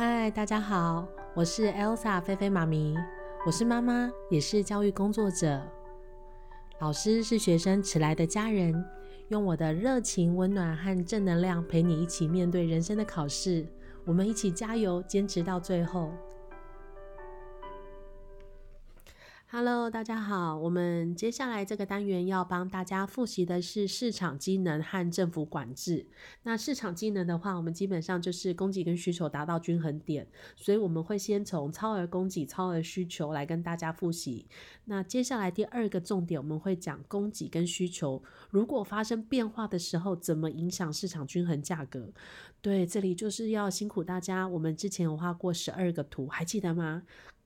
嗨，Hi, 大家好，我是 Elsa 菲菲媽咪，我是媽媽，也是教育工作者，老師是學生遲來的家人，用我的熱情、溫暖和正能量陪你一起面對人生的考試，我們一起加油，堅持到最後。Hello，大家好。我們接下來這個單元要幫大家複習的是市場機能和政府管制。那市場機能的話，我們基本上就是供給跟需求達到均衡點，所以我們會先從超額供給、超額需求來跟大家複習。那接下來第二個重點，我們會講供給跟需求如果發生變化的時候，怎麼影響市場均衡價格。對，這裡就是要辛苦大家。我們之前有畫過十二個圖，還記得嗎？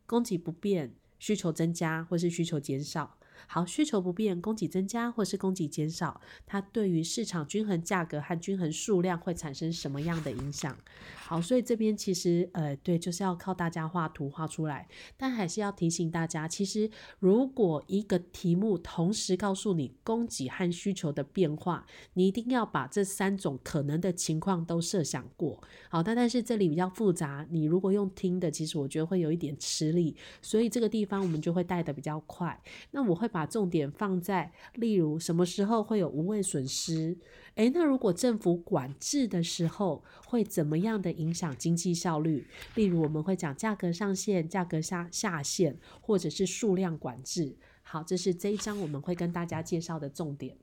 供給不變。需求增加，或是需求減少。好，需求不變，供給增加或是供給減少，它對於市場均衡價格和均衡數量會產生什麼樣的影響？好，所以這邊其實呃，對，就是要靠大家畫圖畫出來。但還是要提醒大家，其實如果一個題目同時告訴你供給和需求的變化，你一定要把這三種可能的情況都設想過。好，但但是這裡比較複雜，你如果用聽的，其實我覺得會有一點吃力，所以這個地方我們就會帶得比較快。那我會。把重點放在，例如什麼時候會有無謂損失？誒，那如果政府管制的時候，會怎麼樣的影響經濟效率？例如，我們會講價格上限、價格下下限，或者是數量管制。好，這是這一章我們會跟大家介紹的重點。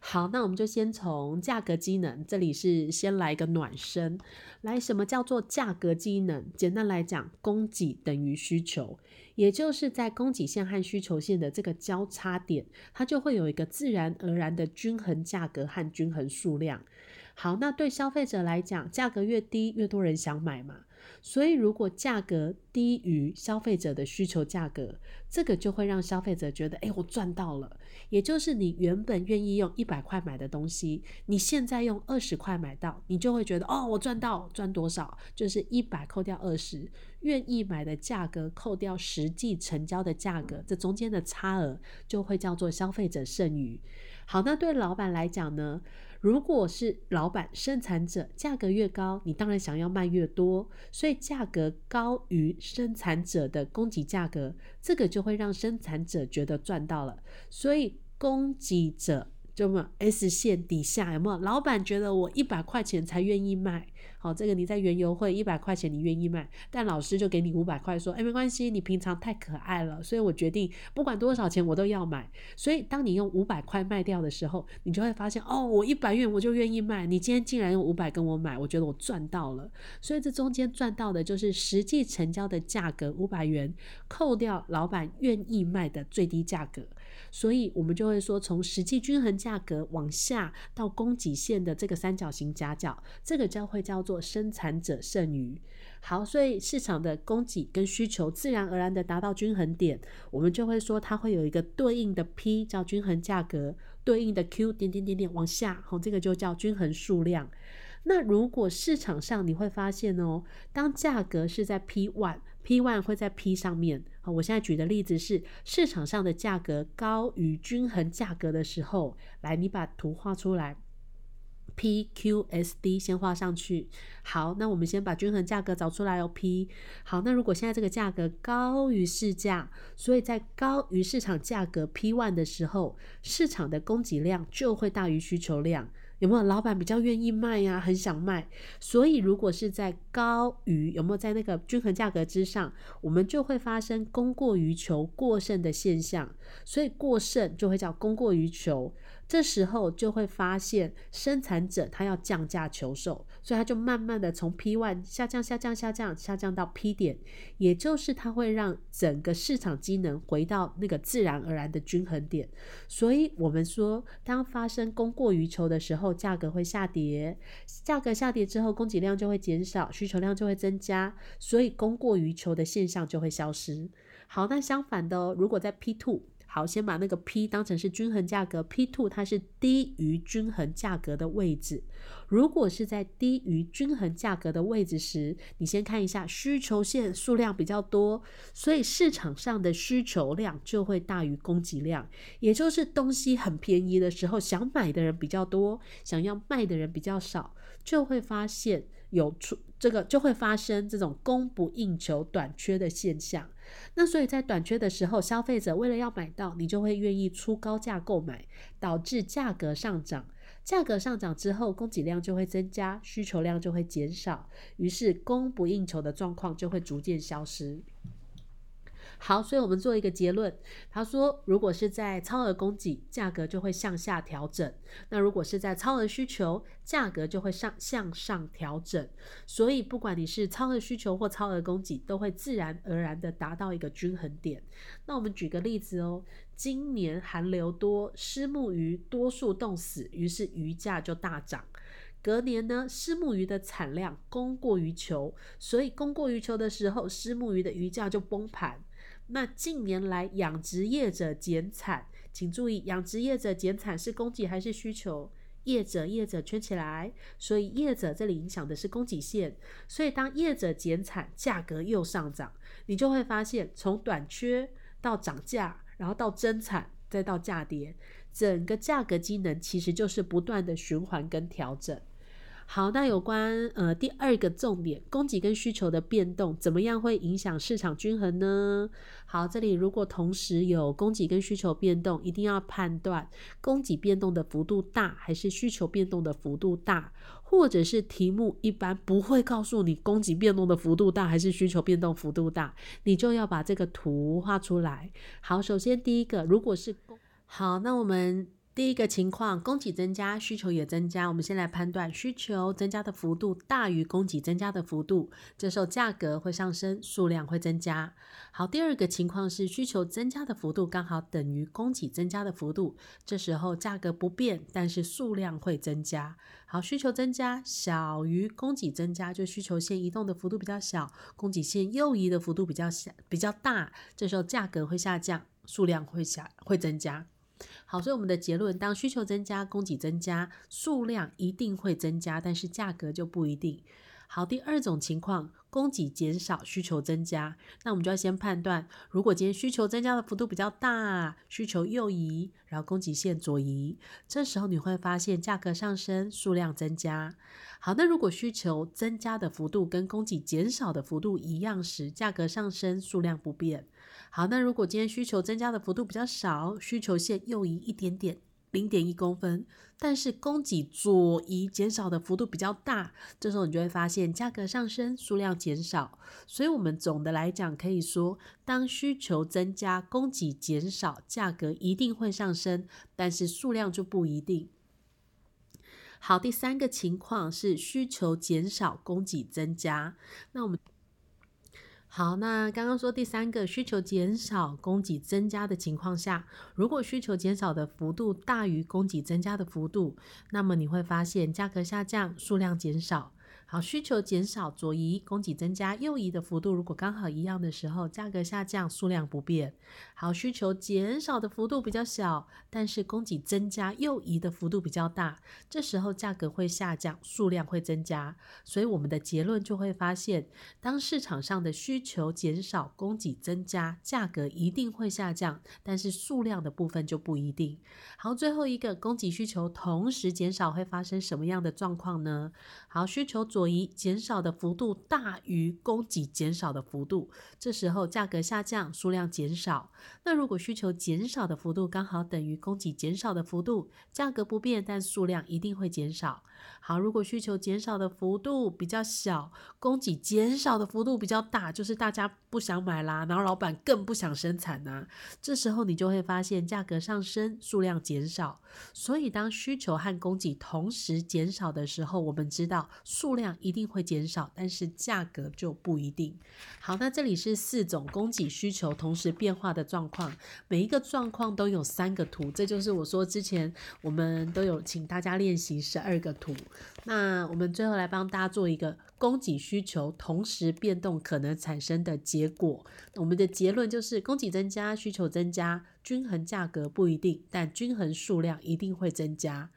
好，那我們就先從價格機能，這裡是先來一個暖身。來，什麼叫做價格機能？簡單來講，供給等於需求，也就是在供給線和需求線的這個交叉點，它就會有一個自然而然的均衡價格和均衡數量。好，那對消費者來講，價格越低，越多人想買嘛。所以，如果價格低於消費者的需求價格，這個就會讓消費者覺得，哎、欸，我賺到了。也就是你原本願意用一百塊買的東西，你現在用二十塊買到，你就會覺得，哦，我賺到，賺多少？就是一百扣掉二十，願意買的價格扣掉實際成交的價格，這中間的差額就會叫做消費者剩餘。好，那對老闆來講呢？如果是老闆生產者，價格越高，你當然想要賣越多。所以價格高於生產者的供給價格，這個就會讓生產者覺得賺到了。所以供給者。這麼 S, S 線底下有沒有老板覺得我一百塊錢才願意賣？好，這個你在原油會一百塊錢你願意賣，但老師就給你五百塊說，說哎沒關係，你平常太可愛了，所以我決定不管多少錢我都要買。所以當你用五百塊賣掉的時候，你就會發現哦，我一百元我就願意賣，你今天竟然用五百跟我買，我覺得我賺到了。所以這中間賺到的就是實際成交的價格五百元，扣掉老板願意賣的最低價格，所以我們就會說從實際均衡價。價格往下到供給線的這個三角形夾角，這個就會叫做生產者剩餘。好，所以市場的供給跟需求自然而然的達到均衡點，我們就會說它會有一個對應的 P 叫均衡價格，對應的 Q 點點點點點往下，這個就叫均衡數量。那如果市場上你會發現哦，當價格是在 P1 P one 會在 P 上面啊。我現在舉的例子是市場上的價格高於均衡價格的時候，來，你把圖畫出來，PQSD 先畫上去。好，那我們先把均衡價格找出來哦，P。好，那如果現在這個價格高於市價，所以在高於市場價格 P one 的時候，市場的供給量就會大於需求量。有沒有老闆比較願意賣呀、啊？很想賣，所以如果是在高於，有沒有在那個均衡價格之上，我們就會發生供過於求、過剩的現象，所以過剩就會叫供過於求。這時候就會發現，生產者他要降價求售，所以他就慢慢的從 P one 下降、下降、下降、下降到 P 點，也就是它會讓整個市場機能回到那個自然而然的均衡點。所以，我們說，當發生供過於求的時候，價格會下跌。價格下跌之後，供給量就會減少，需求量就會增加，所以供過於求的現象就會消失。好，那相反的哦，如果在 P two。好，先把那個 P 當成是均衡價格，P two 它是低於均衡價格的位置。如果是在低於均衡價格的位置時，你先看一下需求線數量比較多，所以市場上的需求量就會大於供給量，也就是東西很便宜的時候，想買的人比較多，想要賣的人比較少，就會發現有出，這個就會發生這種供不應求短缺的現象。那所以，在短缺的時候，消費者為了要買到，你就會願意出高價購買，導致價格上漲。價格上漲之後，供給量就會增加，需求量就會減少，於是供不應求的狀況就會逐漸消失。好，所以我們做一個結論。他說，如果是在超額供給，價格就會向下調整；那如果是在超額需求，價格就會上向上調整。所以，不管你是超額需求或超額供給，都會自然而然的達到一個均衡點。那我們舉個例子哦，今年寒流多，虱目魚多數凍死，於是魚價就大漲。隔年呢，虱目魚的產量供過於求，所以供過於求的時候，虱目魚的魚價就崩盤。那近年來養殖業者減產，請注意，養殖業者減產是供給還是需求？業者，業者圈起來，所以業者這裡影響的是供給線。所以當業者減產，價格又上漲，你就會發現從短缺到漲價，然後到增產，再到價跌，整個價格機能其實就是不斷的循環跟調整。好，那有關呃第二個重點，供給跟需求的變動怎麼樣會影響市場均衡呢？好，這裡如果同時有供給跟需求變動，一定要判斷供給變動的幅度大還是需求變動的幅度大，或者是題目一般不會告訴你供給變動的幅度大還是需求變動幅度大，你就要把這個圖畫出來。好，首先第一個，如果是好，那我們。第一個情況，供給增加，需求也增加。我們先來判斷需求增加的幅度大於供給增加的幅度，這時候價格會上升，數量會增加。好，第二個情況是需求增加的幅度剛好等於供給增加的幅度，這時候價格不變，但是數量會增加。好，需求增加小於供給增加，就需求線移動的幅度比較小，供給線右移的幅度比較小，比較大，這時候價格會下降，數量會下，會增加。好，所以我們的結論，當需求增加，供給增加，數量一定會增加，但是價格就不一定。好，第二種情況，供給減少，需求增加，那我們就要先判斷，如果今天需求增加的幅度比較大，需求右移，然後供給線左移，這時候你會發現價格上升，數量增加。好，那如果需求增加的幅度跟供給減少的幅度一樣時，價格上升，數量不變。好，那如果今天需求增加的幅度比較少，需求線右移一點點，零點一公分。但是供給左移，減少的幅度比較大，這時候你就會發現價格上升，數量減少。所以，我們總的來講可以說，當需求增加，供給減少，價格一定會上升，但是數量就不一定。好，第三個情況是需求減少，供給增加。那我們好，那剛剛說第三個，需求減少、供給增加的情況下，如果需求減少的幅度大於供給增加的幅度，那麼你會發現價格下降、數量減少。好，需求減少左移，供給增加右移的幅度如果剛好一樣的時候，價格下降，數量不變。好，需求減少的幅度比較小，但是供給增加右移的幅度比較大，這時候價格會下降，數量會增加。所以我們的結論就會發現，當市場上的需求減少，供給增加，價格一定會下降，但是數量的部分就不一定。好，最後一個，供給需求同時減少會發生什麼樣的狀況呢？好，需求左。所以減少的幅度大於供給減少的幅度，這時候價格下降，數量減少。那如果需求減少的幅度剛好等於供給減少的幅度，價格不變，但數量一定會減少。好，如果需求減少的幅度比較小，供給減少的幅度比較大，就是大家不想買啦，然後老闆更不想生產啦、啊，這時候你就會發現價格上升，數量減少。所以當需求和供給同時減少的時候，我們知道數量。一定會減少，但是價格就不一定。好，那這裡是四種供給需求同時變化的狀況，每一個狀況都有三個圖，這就是我說之前我們都有請大家練習十二個圖。那我們最後來幫大家做一個供給需求同時變動可能產生的結果。我們的結論就是：供給增加，需求增加，均衡價格不一定，但均衡數量一定會增加。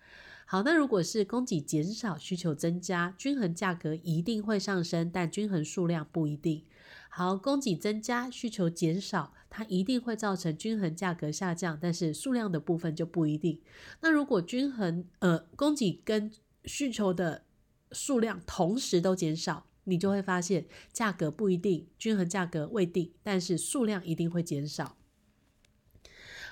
好，那如果是供給減少、需求增加，均衡價格一定會上升，但均衡數量不一定。好，供給增加、需求減少，它一定會造成均衡價格下降，但是數量的部分就不一定。那如果均衡呃，供給跟需求的數量同時都減少，你就會發現價格不一定，均衡價格未定，但是數量一定會減少。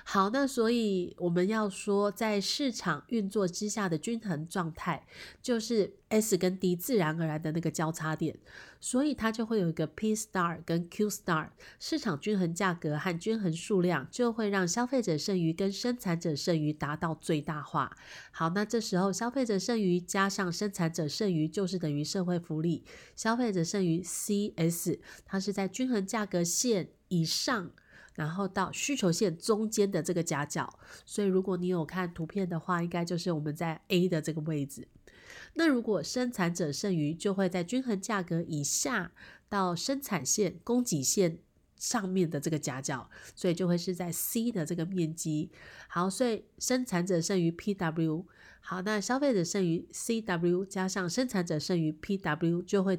好，那所以我們要說，在市場運作之下的均衡狀態，就是 S 跟 D 自然而然的那個交叉點，所以它就會有一個 P star 跟 Q star，市場均衡價格和均衡數量就會讓消費者剩餘跟生產者剩餘達到最大化。好，那這時候消費者剩餘加上生產者剩餘就是等於社會福利。消費者剩餘 CS 它是在均衡價格線以上。然後到需求線中間的這個夾角，所以如果你有看圖片的話，應該就是我們在 A 的這個位置。那如果生產者剩餘就會在均衡價格以下，到生產線供給線上面的這個夾角，所以就會是在 C 的這個面積。好，所以生產者剩餘 PW，好，那消費者剩餘 CW 加上生產者剩餘 PW 就會。